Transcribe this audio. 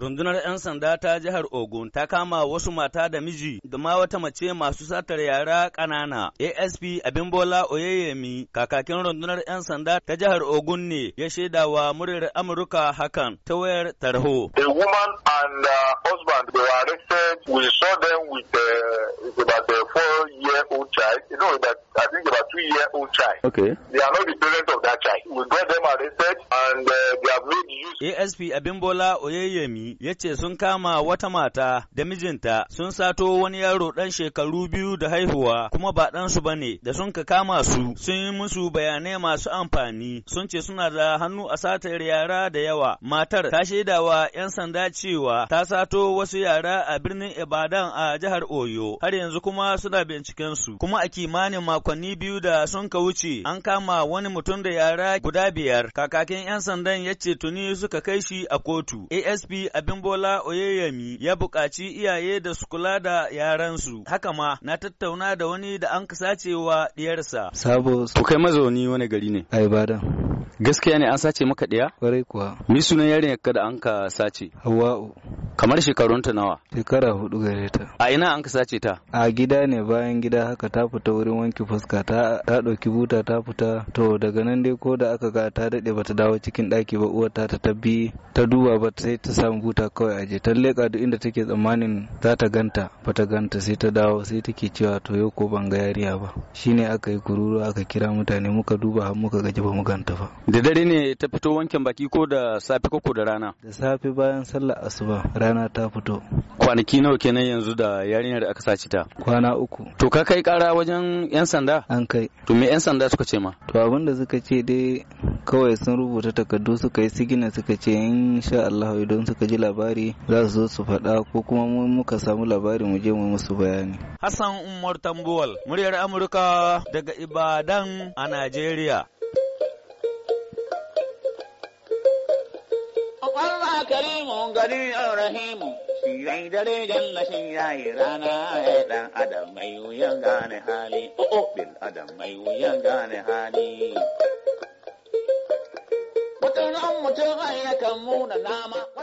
Rundunar 'yan sanda ta jihar Ogun ta kama wasu mata da miji da ma wata mace masu satar yara ƙanana. ASP Abimbola Oyeyemi kakakin rundunar 'yan sanda ta jihar Ogun ne ya shaida wa muryar Amurka hakan ta wayar tarho. a woman and uh, husband were arrested. with uh, about a four-year-old child. You know two year old child. Okay. They are not the parents of that child. We got them arrested and uh, they have made use. ASP Abimbola Oyeyemi ya ce sun kama wata mata da mijinta sun sato wani yaro dan shekaru biyu da haihuwa kuma ba ɗansu ba ne da sun ka kama su sun yi musu bayanai masu amfani sun ce suna da hannu a satar yara da yawa matar ta shaidawa 'yan sanda cewa ta sato wasu yara a birnin Ibadan a jihar Oyo har yanzu kuma suna binciken su kuma a kimanin makonni biyu da sun ka wuce an kama wani mutum da yara guda biyar. Kakakin 'yan sandan ya ce tuni suka kai shi a kotu. ASP bola Oyeyemi ya bukaci iyaye da su kula da yaransu. Haka ma na tattauna da wani da an kasacewa diyarsa. Sabo, kai mazauni wani gari ne? A Ibadan. gaskiya ne an sace maka ɗaya? kwarai kuwa mi sunan yarin ka da an ka sace hawa'u kamar shekarunta nawa shekara hudu gare ta a ina an ka sace ta a gida ne bayan gida haka ta fita wurin wanke fuska ta ɗauki buta ta fita to daga nan dai ko da aka ga ta daɗe bata dawo cikin ɗaki ba uwar ta ta tabbi ta duba ba sai ta samu buta kawai aje ta leƙa duk inda take tsammanin za ta ganta bata ganta sai ta dawo sai take cewa to yau ko ban ga yariya ba Shi ne aka yi kururu aka kira mutane muka duba har muka gaji ba mu ganta ba Da dare ne ta fito wankin baki ko da safe ko da rana? Da safe bayan sallar asuba rana ta fito. Kwanaki nawa kenan yanzu da yarinyar da aka saci ta? Kwana uku. To ka kai kara wajen 'yan sanda? An kai. To me 'yan sanda suka ce ma? To abin da suka ce dai kawai sun rubuta takardu suka yi sigina suka ce in sha Allah idan suka ji labari za su zo su faɗa ko kuma mu muka samu labari mu je mu musu bayani. Hassan Umar Tambuwal, muryar Amurka daga Ibadan a Najeriya. karimu gari rahimu shi rai dare janna yayi rana ya dan adam mai wuyan gane hali o wata ran mutum ai kan muna nama